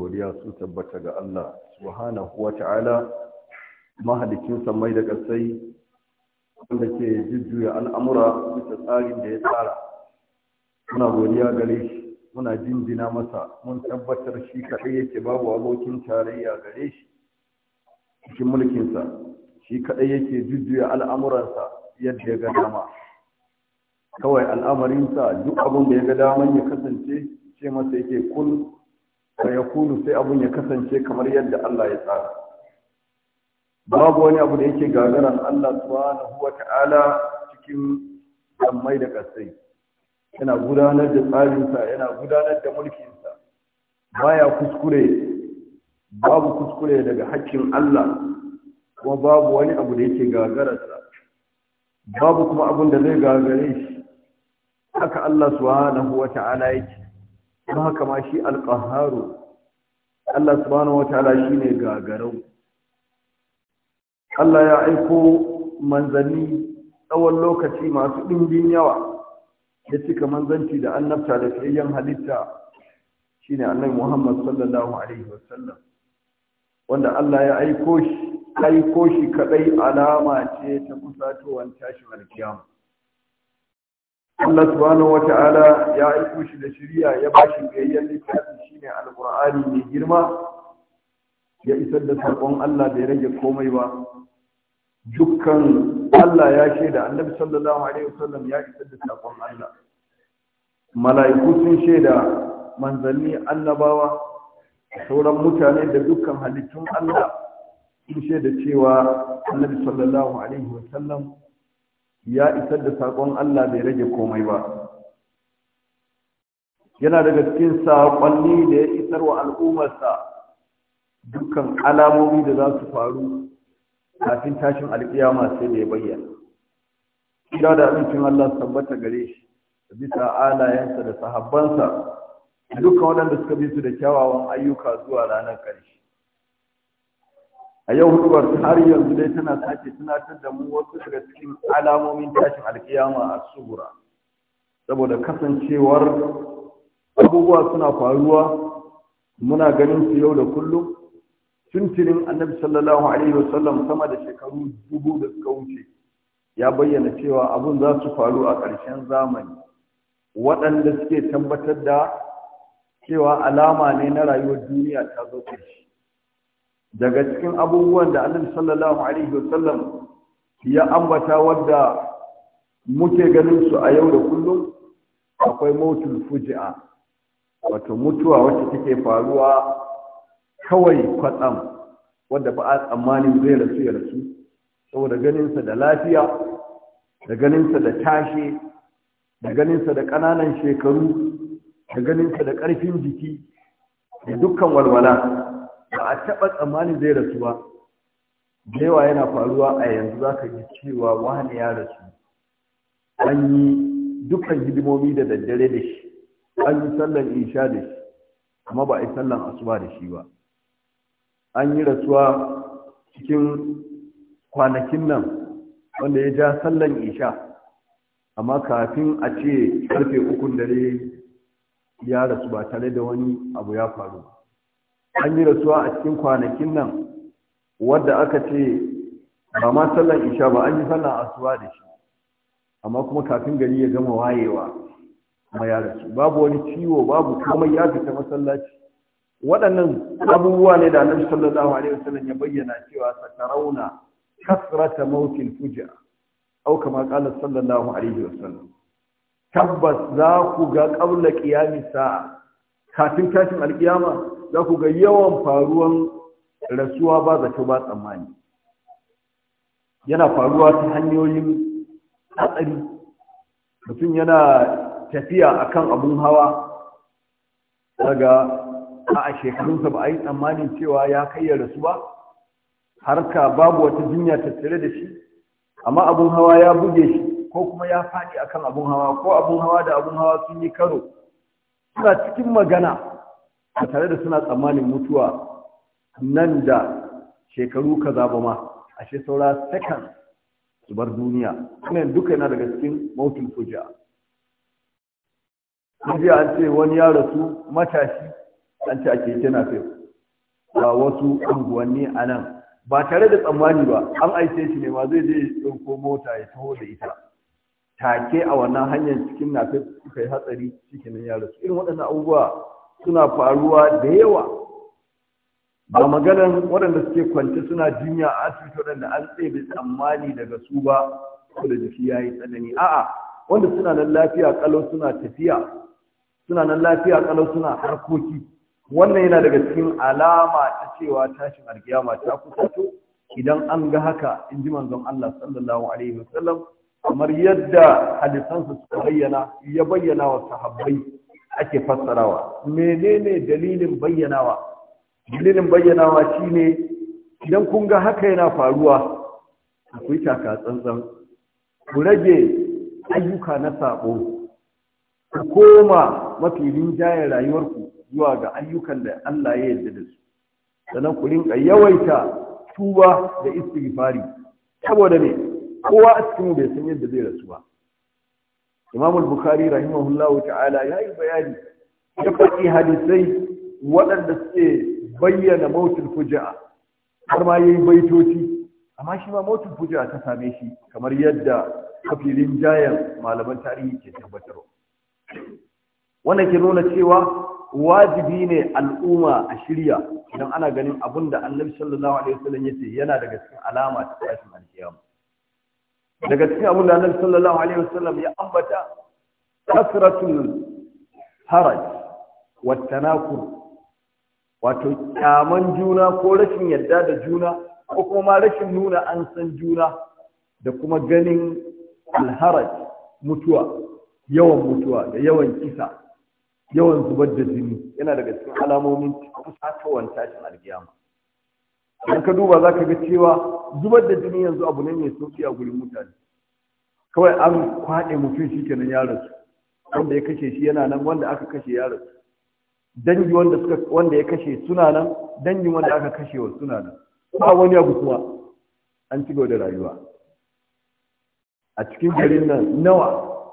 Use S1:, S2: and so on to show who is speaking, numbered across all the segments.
S1: godiya su tabbata ga Allah subhanahu wata'ala mahalicin samai da kasai wanda ke jujjuya al'amura bisa tsarin da ya tsara muna godiya gare shi muna jinjina masa mun tabbatar shi kaɗai yake babu abokin tarayya gare shi cikin mulkinsa shi kaɗai yake jujjuya al'amuransa yadda ya ga dama kawai al'amarinsa duk abin da ya ga daman ya kasance ce masa yake kun ya yakunu sai abun ya kasance kamar yadda Allah ya tsara babu wani abu da yake gagaran Allah subhanahu ta'ala cikin sammai da kasai yana gudanar da tsarinsa yana gudanar da mulkinsa baya kuskure babu kuskure daga hakkin Allah kuma babu wani abu da yake gagararsa babu kuma abun da zai gagare shi haka Allah subhanahu ta'ala yake kuma haka ma shi alƙaharu. Allah subhanahu shi ne gagarau Allah ya aiko manzanni tsawon lokaci masu ɗimbin yawa ya cika manzanci da annabta da fiyayyen halitta Shi ne annabi Muhammad sallallahu alaihi wasallam wanda Allah ya aiko shi kaɗai alama ce ta tashi tashin alkiyama Allah subhanahu wata'ala ya aiko shi da shirya ya ba shi gayyan littafi shine alqur'ani mai girma ya isar da sakon Allah bai rage komai ba dukkan Allah ya shaida annabi sallallahu alaihi wasallam ya isar da sakon Allah mala'iku sun shaida manzanni annabawa sauran mutane da dukkan halittun Allah sun shaida cewa annabi sallallahu alaihi wasallam ya isar da saƙon Allah bai rage komai ba yana daga cikin saƙonni da ya isar wa al'ummarsa dukkan alamomi da za su faru kafin tashin alƙiyama sai da ya bayyana kira da abincin Allah tabbata gare shi bisa alayensa da sahabbansa dukkan waɗanda suka bi su da kyawawan ayyuka zuwa ranar ƙarshe a yau hudubar har yanzu dai tana sake tunatar da mu wasu daga cikin alamomin tashin alkiyama a subura saboda kasancewar abubuwa suna faruwa muna ganin su yau da kullum tuntunin annabi sallallahu alaihi wasallam sama da shekaru dubu da suka wuce ya bayyana cewa abun za su faru a ƙarshen zamani waɗanda suke tabbatar da cewa alama ne na rayuwar duniya ta zo ƙarshe daga cikin abubuwan da annabi sallallahu alaihi wasallam ya ambata wadda muke ganin su a yau da kullum akwai mautul fuji'a wato mutuwa wacce take faruwa kawai kwatsam wadda ba a tsammanin zai rasu ya rasu saboda ganinsa da lafiya da ganinsa da tashi da ganinsa da ƙananan shekaru da ganinsa da ƙarfin jiki da dukkan walwala ba a taɓa tsammanin zai rasu ba da yawa yana faruwa a yanzu za ka ji cewa wani ya rasu an yi dukkan hidimomi da daddare da shi an yi sallan isha da shi amma ba a yi sallan asuba da shi ba an yi rasuwa cikin kwanakin nan wanda ya ja sallan isha amma kafin a ce karfe ukun dare ya rasu ba tare da wani abu ya faru ba
S2: an yi rasuwa a cikin kwanakin
S1: nan wadda aka ce ba ma sallan isha ba an yi sallan asuwa da shi amma kuma kafin gari ya gama wayewa kuma ya rasu babu wani ciwo babu komai ya fita masallaci waɗannan abubuwa ne da annabi sallallahu alaihi wasallam ya bayyana cewa satarauna kasrata mautin fuja au kama qala sallallahu alaihi wasallam tabbas za ku ga qabla qiyamisa kafin tashin alqiyama za ku ga yawan faruwan rasuwa ba zato ba tsammani yana faruwa ta hanyoyin hatsari mutum yana tafiya akan abun hawa daga a shekarunsa ba a yi tsammanin cewa ya kai ya rasu ba harka babu wata jinya tattare da shi amma abun hawa ya buge shi ko kuma ya faɗi akan abin hawa ko abin hawa da abun hawa sun yi karo suna cikin magana ba tare da suna tsammanin mutuwa nan da shekaru kaza ba ma ashe saura second su bar duniya ne duka yana daga cikin mautin fujiya fujiya an ce wani ya rasu matashi an ce a keke na ba wasu unguwanni a nan ba tare da tsammani ba an aice shi ne ma zai je ɗauko mota ya taho da ita take a wannan hanyar cikin nafe suka yi hatsari cikin ya rasu irin waɗannan abubuwa suna faruwa da yawa ba maganan waɗanda suke kwance suna jinya a asibiti waɗanda an tsebe tsammani daga su ba ko da jiki ya yi tsanani a'a wanda suna nan lafiya kalau suna tafiya suna nan lafiya kalau suna harkoki wannan yana daga cikin alama ta cewa tashin alkiyama ta to idan an ga haka in ji manzon Allah sallallahu alaihi wasallam kamar yadda hadisansa suka bayyana ya bayyana wa sahabbai ake fassarawa menene dalilin bayyanawa dalilin bayyanawa shine idan kun ga haka yana faruwa akwai taka tsantsan ku rage ayyuka na sabo ku koma mafi rinjayen rayuwarku zuwa ga ayyukan da Allah ya yarda da su
S2: sannan ku rinka yawaita
S1: tuba da istighfari saboda ne kowa a cikin bai san yadda zai rasu ba imam al-bukhari rahimahullahu ta'ala ya yi bayani ya faɗi hadisai waɗanda suke bayyana mautul fuja'a har ma yayi baitoci amma shi ma mautul fuja'a ta same shi kamar yadda kafirin jayan malaman tarihi ke tabbatarwa wannan ke nuna cewa wajibi ne al'umma a shirya idan ana ganin abin da annabi sallallahu alaihi wasallam yace yana daga cikin alama ta tashin alkiyama daga cikin abin da annabi sallallahu alaihi wasallam ya ambata kasratul haraj wa tanakur wato kyaman juna ko rashin yadda da juna ko kuma rashin nuna an san juna da kuma ganin alharaj mutuwa yawan mutuwa da yawan kisa yawan zubar da jini yana daga cikin alamomin kusa ta tashin alkiyama in ka duba za ka ga cewa zubar da jini yanzu abu ne mai sauki a gurin mutane kawai an kwaɗe mutum shi kenan ya rasu wanda ya kashe shi yana nan wanda aka kashe ya rasu dangi wanda suka wanda ya kashe suna nan dangin wanda aka kashe wa suna nan ba wani abu kuma an ci da rayuwa a cikin garin nan nawa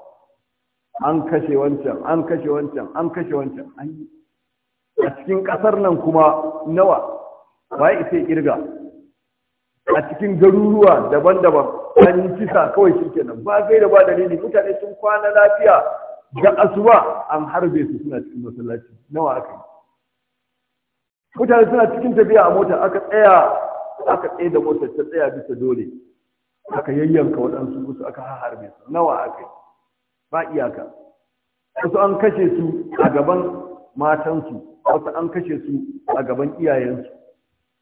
S1: an kashe wancan an kashe wancan an kashe wancan an a cikin ƙasar nan kuma nawa waye isa kirga a cikin garuruwa daban-daban an yi kisa kawai shi nan. ba zai da ba dalili mutane sun kwana lafiya ga asuba an harbe su suna cikin masallaci nawa aka yi mutane suna cikin tafiya a mota aka tsaya aka tsaye da motar ta tsaya bisa dole aka yayyanka waɗansu wasu aka harbe su nawa aka yi ba iyaka wasu an kashe su a gaban matansu wasu an kashe su a gaban iyayensu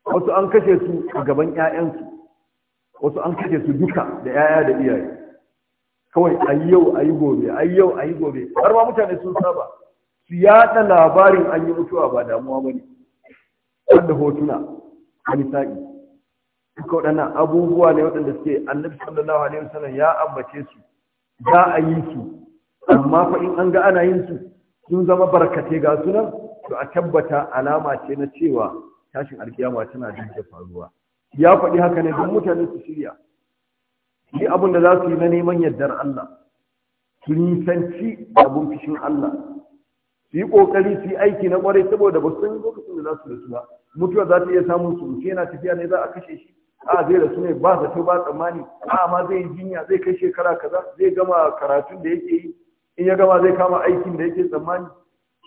S1: wasu an kashe su a gaban 'ya'yansu wasu an kashe su duka da 'ya'ya da iyaye kawai a yi yau a yi gobe a yau a yi gobe har ma mutane sun saba su yaɗa labarin an yi mutuwa ba damuwa ba ne wanda hotuna a misali duka waɗannan abubuwa ne waɗanda suke annabi sallallahu alaihi wasallam ya ambace su za a yi su amma fa in an ga ana yin su sun zama barkate ga sunan to a tabbata alama ce na cewa tashin alkiyama tana duk da faruwa ya faɗi haka ne don mutane su shirya shi abin da za su yi na neman yardar Allah su nisanci abin fishin Allah su yi ƙoƙari su yi aiki na ƙwarai saboda ba sun lokacin da za su rasu ba mutuwa za ta iya samun su mutu yana tafiya ne za a kashe shi a zai rasu ne ba zato ba tsammani a ma zai yi jinya zai kai shekara kaza zai gama karatun da yake yi in ya gama zai kama aikin da yake tsammani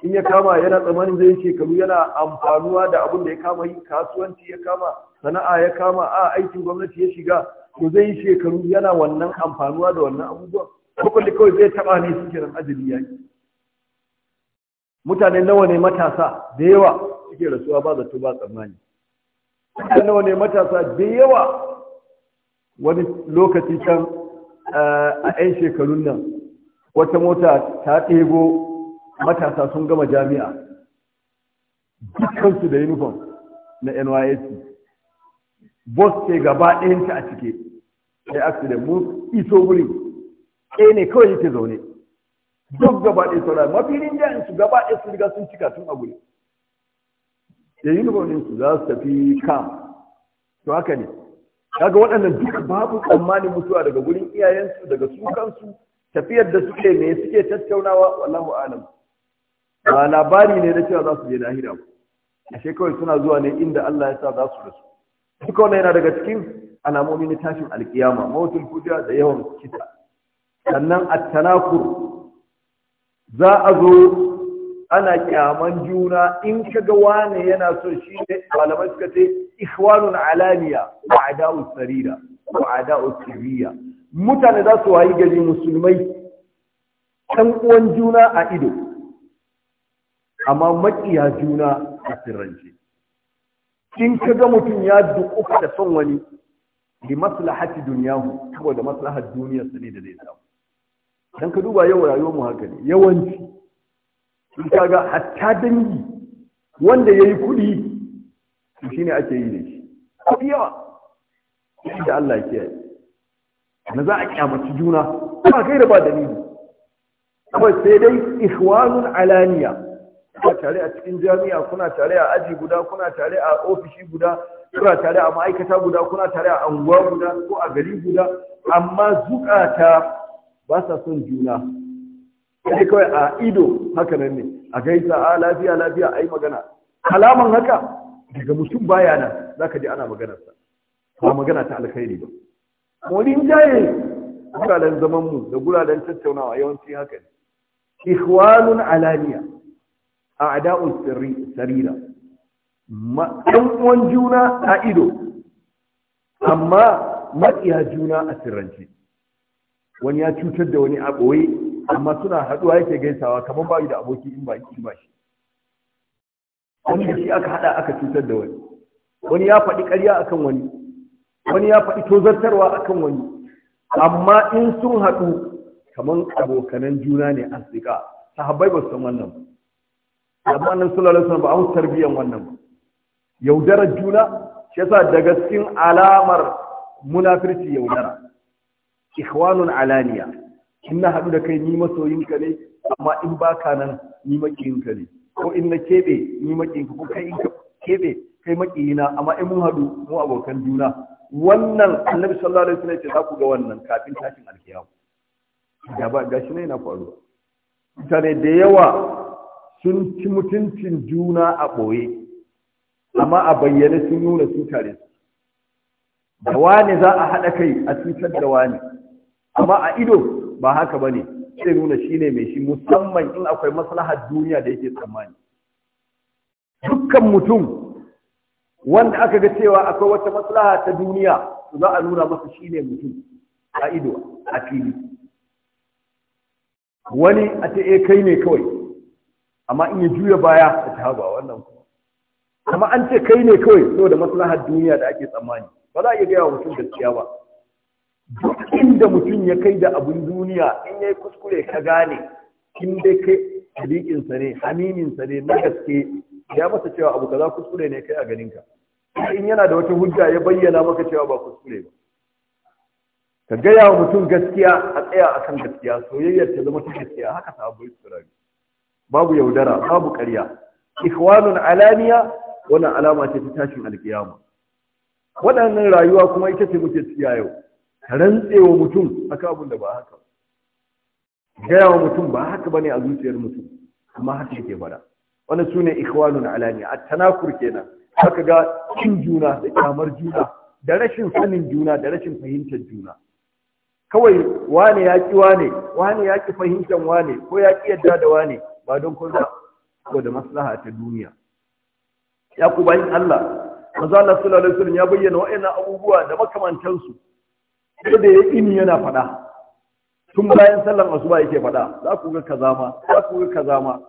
S1: in ya kama yana tsamanin zai shekaru yana amfanuwa da abin da ya kama yi kasuwanci ya kama sana'a ya kama a aikin gwamnati ya shiga to zai yi shekaru yana wannan amfanuwa da wannan abubuwan kuma da kawai zai taba ne suke nan ajali ya yi mutane nawa ne matasa da yawa suke rasuwa ba zato ba tsammani mutane nawa ne matasa da yawa wani lokaci can eh, a 'yan shekarun nan wata mota ta ɗebo matasa sun gama jami'a dukkansu da uniform na nysc bus ke gaba ɗayanta a cike sai accident mun iso wuri ɗaya ne kawai yake zaune duk gaba ɗaya saura mafilin jayin su gaba ɗaya sun riga sun cika tun a guri da uniform su za su tafi kam to haka ne kaga waɗannan duk babu tsammanin mutuwa daga gurin iyayensu daga su kansu tafiyar da suke ne suke tattaunawa wallahu alam
S2: ba labari ne na cewa
S1: za su je lahira ba ashe kawai suna zuwa ne inda Allah ya sa za su rasu duka wannan yana daga cikin alamomi na tashin alkiyama mautul fuja da yawan kita sannan at-tanakur za a zo ana kyaman juna in kaga wane yana son shi ne malamai suka ce ikhwanun alaniya wa ada'u sarira wa ada'u sirriya mutane za su wayi gari musulmai ɗan uwan juna a ido amma maƙiya juna a sirrance in ka ga mutum ya duƙufa da son wani li maslahati dunyahu da maslahar su ne da zai samu dan ka duba yau rayuwar mu haka ne yawanci in ka ga hatta dangi wanda yayi kuɗi shine ake yi da shi kuɗi yawa da Allah ke yi na za a kyamaci juna ba kai da ba dalili kawai sai dai ikhwanun alaniya kuna tare a cikin jami'a kuna tare a aji guda kuna tare a ofishi guda kuna tare a ma'aikata guda kuna tare a anguwa guda ko a gari guda amma zukata ba sa son juna sai kawai a ido haka nan ne a gaisa a ah, lafiya lafiya ai magana kalaman haka daga mutum baya nan zaka ji ana maganarsa ba magana ta alkhairi ba molin jaye guraren zaman mu da guraren tattaunawa yawanci haka ne ikhwanun alaniya a ada'u sarira ɗan uwan juna a ido amma maƙiya juna a sirrance wani ya cutar da wani a ɓoye amma suna haɗuwa yake gaisawa kamar ba da aboki in ba shi ba shi wani da shi aka haɗa aka cutar da wani wani ya faɗi ƙarya akan wani wani ya faɗi tozartarwa akan wani amma in sun haɗu kamar abokanan juna ne a siƙa sahabbai ba su san wannan ba amma annabi sallallahu alaihi wasallam ba an tarbiyan wannan ba yaudarar juna shi yasa daga cikin alamar munafirci yaudara ikhwanun alaniya in na haɗu da kai ni masoyinka ne amma in baka nan ni makiyinka ne ko in na keɓe ni makiyinka ko kai in ka keɓe kai maƙiyina, amma in mun haɗu mu abokan juna wannan annabi sallallahu alaihi wasallam ya ce za ku ga wannan kafin tashin alkiyama da ba gashi ne yana faruwa mutane da yawa sun ci mutuncin juna a ɓoye amma a bayyane sun nuna su tare su da wane za a haɗa kai a cutar da wane amma a ido ba haka ba ne sai nuna shi ne mai shi musamman in akwai maslahar duniya da yake tsammani dukkan mutum wanda aka ga cewa akwai wata maslaha ta duniya za a nuna masa shi ne mutum a ido a fili wani a ce eh, kai ne kawai amma in ya juya baya a ta haɓa wannan kuma amma an ce kai ne kawai saboda maslahar duniya da ake tsammani ba za a iya gaya wa mutum gaskiya ba duk inda mutum ya kai da abin duniya in ya yi kuskure ka gane in dai kai hadikinsa ne hamiminsa ne na gaske ya masa cewa abu kaza kuskure ne kai a ganinka in yana da wata hujja ya bayyana maka cewa ba kuskure ba ka gaya wa mutum gaskiya a tsaya akan gaskiya soyayyar ta zama ta gaskiya haka sahabbai su rayu babu yaudara babu ƙarya ikhwanun alaniya wannan alama ce ta tashin alkiyama waɗannan rayuwa kuma ita ce muke tsiya yau Ka rantsewa mutum a abin da ba haka gaya wa mutum ba haka bane a zuciyar mutum amma haka yake bada su sune ikhwanun alaniya a tanakur kenan haka ga cin juna da kyamar juna da rashin sanin juna da rashin fahimtar juna kawai wane ya ki wane wane ya ki fahimtar wane ko ya ki yadda da wane ba don kun ko da maslaha ta duniya ya ku bayin Allah manzo Allah sallallahu alaihi wasallam ya bayyana wa'annan abubuwa da makamantansu da ya ini yana faɗa tun bayan sallan asuba yake faɗa za ku ga kaza ma za ku ga kaza ma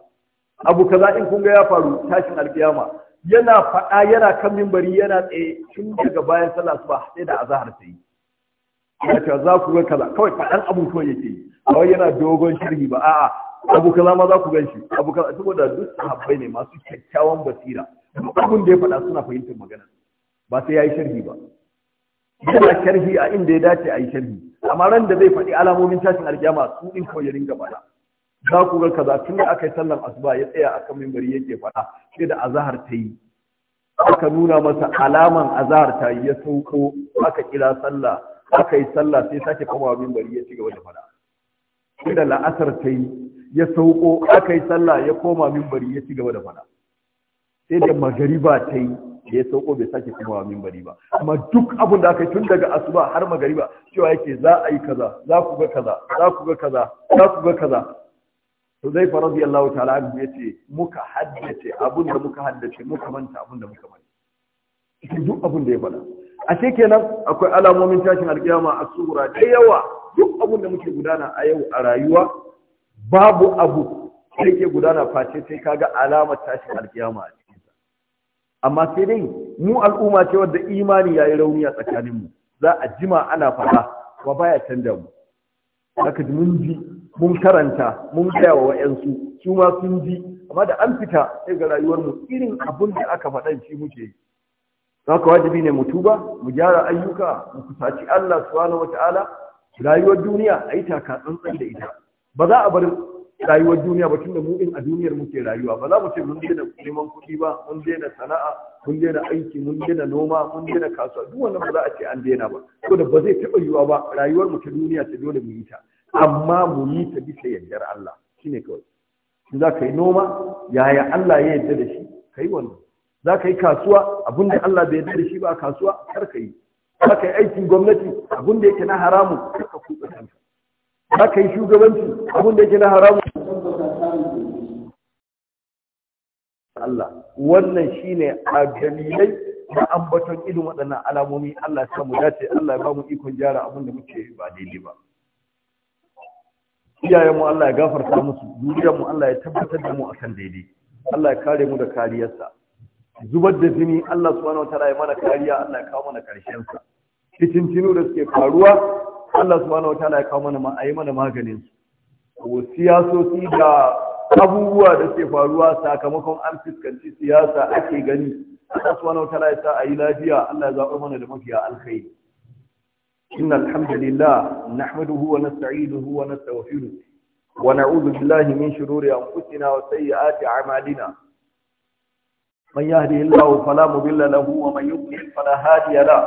S1: abu kaza in kun ga ya faru tashin alkiyama yana faɗa yana kan mimbari yana tsaye tun daga bayan sallan asuba sai da azahar sai ya ce za ku ga kaza kawai faɗan abun to yake ba yana dogon sharhi ba a'a abu ma za ku gan shi abu saboda duk sahabbai ne masu kyakkyawan basira duk abin da ya faɗa suna fahimtar magana ba sai ya yi sharhi ba yana sharhi a inda ya dace a yi sharhi amma ran da zai faɗi alamomin tashin alkiyama su din kawai ya ringa faɗa za ku ga kaza tun da aka yi sallan asuba ya tsaya akan mimbari yake faɗa sai da azahar ta yi aka nuna masa alaman azahar ta yi ya sauko aka kira sallah aka yi sallah sai sake komawa mimbari ya ci gaba da faɗa sai da la'asar ta yi ya sauko aka yi sallah ya koma mimbari ya ci gaba da fada sai da magariba ta yi ya sauko bai sake kuma wa mimbari ba amma duk abin da aka yi tun daga asuba har magariba cewa yake za a yi kaza za ku ga kaza za ku ga kaza za ku ga kaza to zai fa radiyallahu ta'ala ya ce muka haddace abin da muka haddace muka manta abin da muka manta duk abin da ya faɗa a kenan akwai alamomin tashin alƙiyama a sura da yawa duk abin da muke gudana a yau a rayuwa babu abu da ke gudana face sai kaga alamar tashin alkiyama a cikin cikinsa amma sai dai mu al'umma ce wadda imani yayi rauni a tsakaninmu za a jima ana fada ba baya canja mu haka mun ji mun karanta mun gaya wa wa'yansu su ma sun ji amma da an fita sai ga mu irin abin da aka faɗan shi muke yi haka wajibi ne mu tuba mu gyara ayyuka mu kusaci Allah subhanahu wataala rayuwar duniya a yi taka tsantsan da ita ba za a bar rayuwar duniya ba tunda mu in a duniyar muke rayuwa ba za mu ce mun daina neman kuɗi ba mun daina sana'a mun daina aiki mun daina noma mun daina kasuwa duk wannan ba za a ce an daina ba saboda ba zai taɓa yiwuwa ba rayuwar mu ta duniya ta dole mu yi ta amma mu yi ta bisa yardar Allah shine kawai za ka yi noma yaya Allah ya yarda da shi ka wannan za ka yi kasuwa da Allah bai yarda da shi ba kasuwa kar ka yi za ka yi aikin gwamnati Abin da yake na haramun kar ka kuɗa kanka za ka yi shugabanci abin da yake na haramun Allah wannan ne a dalilai da ambaton irin waɗannan alamomi Allah ya mu dace Allah ya ba mu ikon gyara abin da muke ba daidai ba
S2: iyayen mu Allah ya gafarta
S1: musu duniyar mu Allah ya tabbatar da mu akan daidai Allah ya kare mu da kariyarsa zubar da jini Allah subhanahu wataala ya mana kariya Allah ya kawo mana karshen sa cikin da suke faruwa Allah subhanahu wataala ya kawo mana ma ayi mana maganin su siyasoci da abubuwa da ke faruwa sakamakon an fiskanci siyasa ake gani Allah subhanahu wataala ya sa ayi lafiya Allah ya zaɓa mana da mafiya alkhairi إن الحمد لله نحمده ونستعينه ونستغفره ونعوذ بالله من شرور أنفسنا وسيئات أعمالنا من يهده الله فلا مضل له ومن يضلل فلا هادي له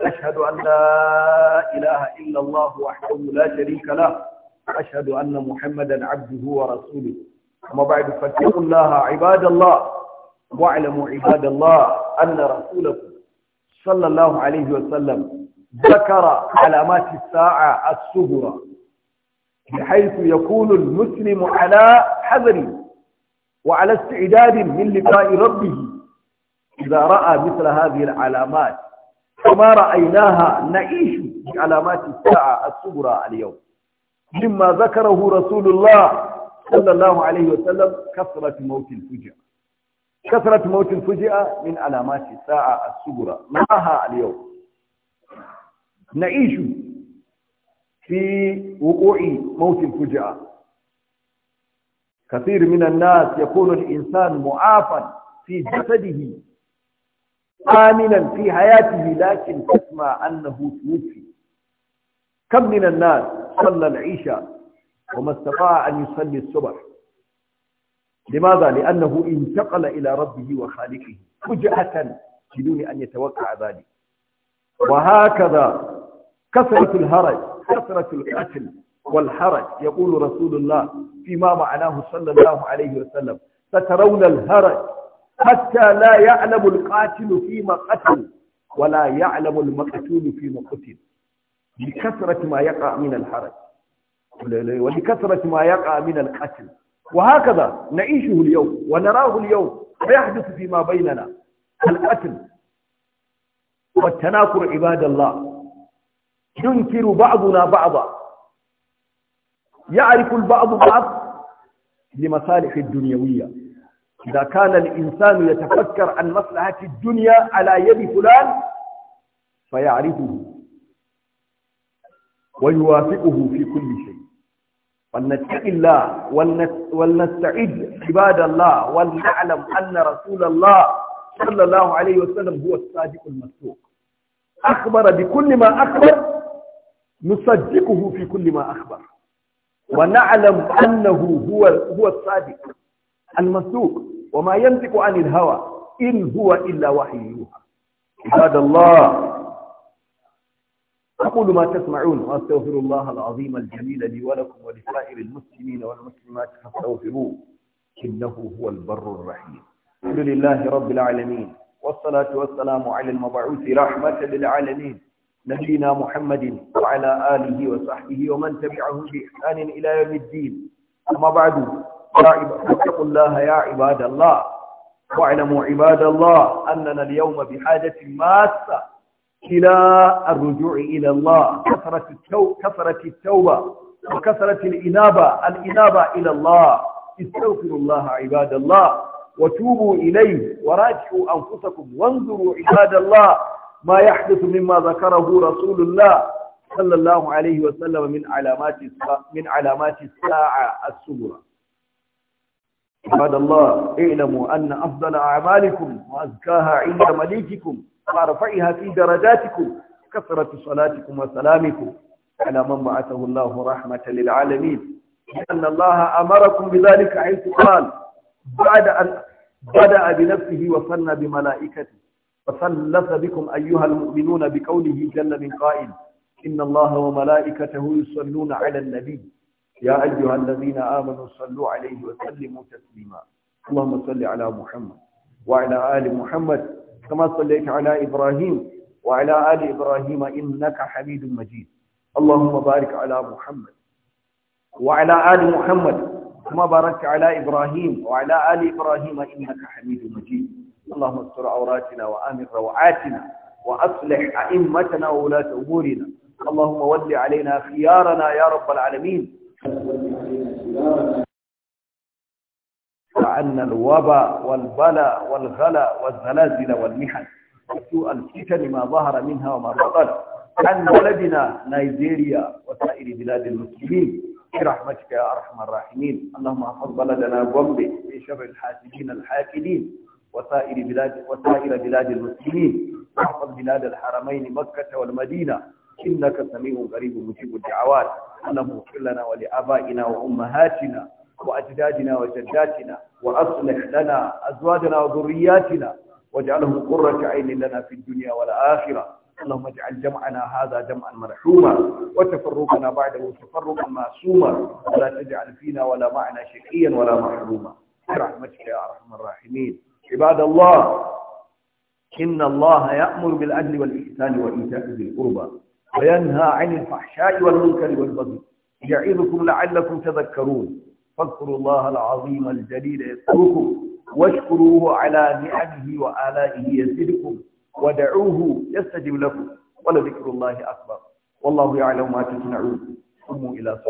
S1: أشهد أن لا إله إلا الله وحده لا شريك له أشهد أن محمدا عبده ورسوله أما بعد فاتقوا الله عباد الله واعلموا عباد الله أن رسولكم صلى الله عليه وسلم ذكر علامات الساعة الصغرى بحيث يكون المسلم على حذر وعلى استعداد من لقاء ربه إذا رأى مثل هذه العلامات kama ra'aynaha na'ishu bi alamati sa'a as-sughra al-yawm mimma zakarahu rasulullah sallallahu alaihi wasallam kasrat maut al-fujaa kasrat maut al-fujaa min alamati sa'a as-sughra maha al-yawm نعيش في وقوع موت الفجأة كثير من الناس يكون الإنسان معافا في جسده آمنا في حياته لكن تسمع أنه توفي كم من الناس صلى العشاء وما استطاع أن يصلي الصبح لماذا؟ لأنه انتقل إلى ربه وخالقه فجأة بدون أن يتوقع ذلك وهكذا كثرة الهرج كثرة القتل والحرج يقول رسول الله فيما معناه صلى الله عليه وسلم سترون الهرج حتى لا يعلم القاتل فيما قتل ولا يعلم المقتول فيما قتل لكثرة ما يقع من الحرج ولكثرة ما يقع من القتل وهكذا نعيشه اليوم ونراه اليوم ويحدث فيما بيننا القتل والتناكر عباد الله ينكر بعضنا بعضا يعرف البعض بعض لمصالح الدنيوية إذا كان الإنسان يتفكر عن مصلحة الدنيا على يد فلان فيعرفه ويوافقه في كل شيء فلنتق الله ولنستعد عباد الله ولنعلم أن رسول الله صلى الله عليه وسلم هو الصادق المصدوق أخبر بكل ما أخبر نصدقه في كل ما أخبر ونعلم أنه هو هو الصادق المصدوق وما ينطق عن الهوى إن هو إلا وحي يوحى عباد الله أقول ما تسمعون وأستغفر الله العظيم الجليل لي ولكم ولسائر المسلمين والمسلمات فاستغفروه إنه هو البر الرحيم الحمد لله رب العالمين والصلاة والسلام على المبعوث رحمة للعالمين نبينا محمد وعلى آله وصحبه ومن تبعهم بإحسان إلى يوم الدين أما بعد فاتقوا الله يا عباد الله واعلموا عباد الله أننا اليوم بحاجة ماسة إلى الرجوع إلى الله كثرة التوبة, كثرة التوبة وكثرة الإنابة الإنابة إلى الله استغفروا الله عباد الله وتوبوا إليه وراجعوا أنفسكم وانظروا عباد الله ما يحدث مما ذكره رسول الله صلى الله عليه وسلم من علامات من علامات الساعة السبرة عباد الله اعلموا أن أفضل أعمالكم وأزكاها عند مليككم وأرفعها في درجاتكم كثرة صلاتكم وسلامكم على من بعثه الله رحمة للعالمين لأن الله أمركم بذلك حيث قال بعد أن بدأ بنفسه وصلى بملائكته وثلث بكم أيها المؤمنون بقوله جل من قائل إن الله وملائكته يصلون على النبي يا أيها الذين آمنوا صلوا عليه وسلموا تسليما اللهم صل على محمد وعلى آل محمد كما صليت على إبراهيم وعلى آل إبراهيم إنك حميد مجيد اللهم بارك على محمد وعلى آل محمد كما باركت على إبراهيم وعلى آل إبراهيم إنك حميد مجيد اللهم استر عوراتنا وآمن روعاتنا وأصلح أئمتنا وولاة أمورنا اللهم ول علينا خيارنا يا رب العالمين وعن الوباء والبلاء والغلاء والزلازل والمحن وسوء الفتن ما ظهر منها وما بطن عن بلدنا نيجيريا وسائر بلاد المسلمين برحمتك يا ارحم الراحمين اللهم احفظ بلدنا بومبي من شر الحاسدين الحاكدين وسائر بلاد وسائر بلاد المسلمين واحفظ بلاد الحرمين مكه والمدينه إنك سميع قريب مجيب الدعوات اللهم اغفر لنا ولآبائنا وأمهاتنا وأجدادنا وجداتنا وأصلح لنا أزواجنا وذرياتنا واجعله قرة عين لنا في الدنيا والآخرة اللهم اجعل جمعنا هذا جمعا مرحوما وتفرقنا بعده تفرقا معصوما ولا تجعل فينا ولا معنا شقيا ولا محروما برحمتك يا ارحم الراحمين عباد الله إن الله يأمر بالعدل والإحسان وإيتاء ذي القربى وينهى عن الفحشاء والمنكر والبغي يعظكم لعلكم تذكرون فاذكروا الله العظيم الجليل يذكركم واشكروه على نعمه وآلائه يزدكم ودعوه يستجب لكم ولذكر الله أكبر والله يعلم ما تصنعون قوموا إلى صلاة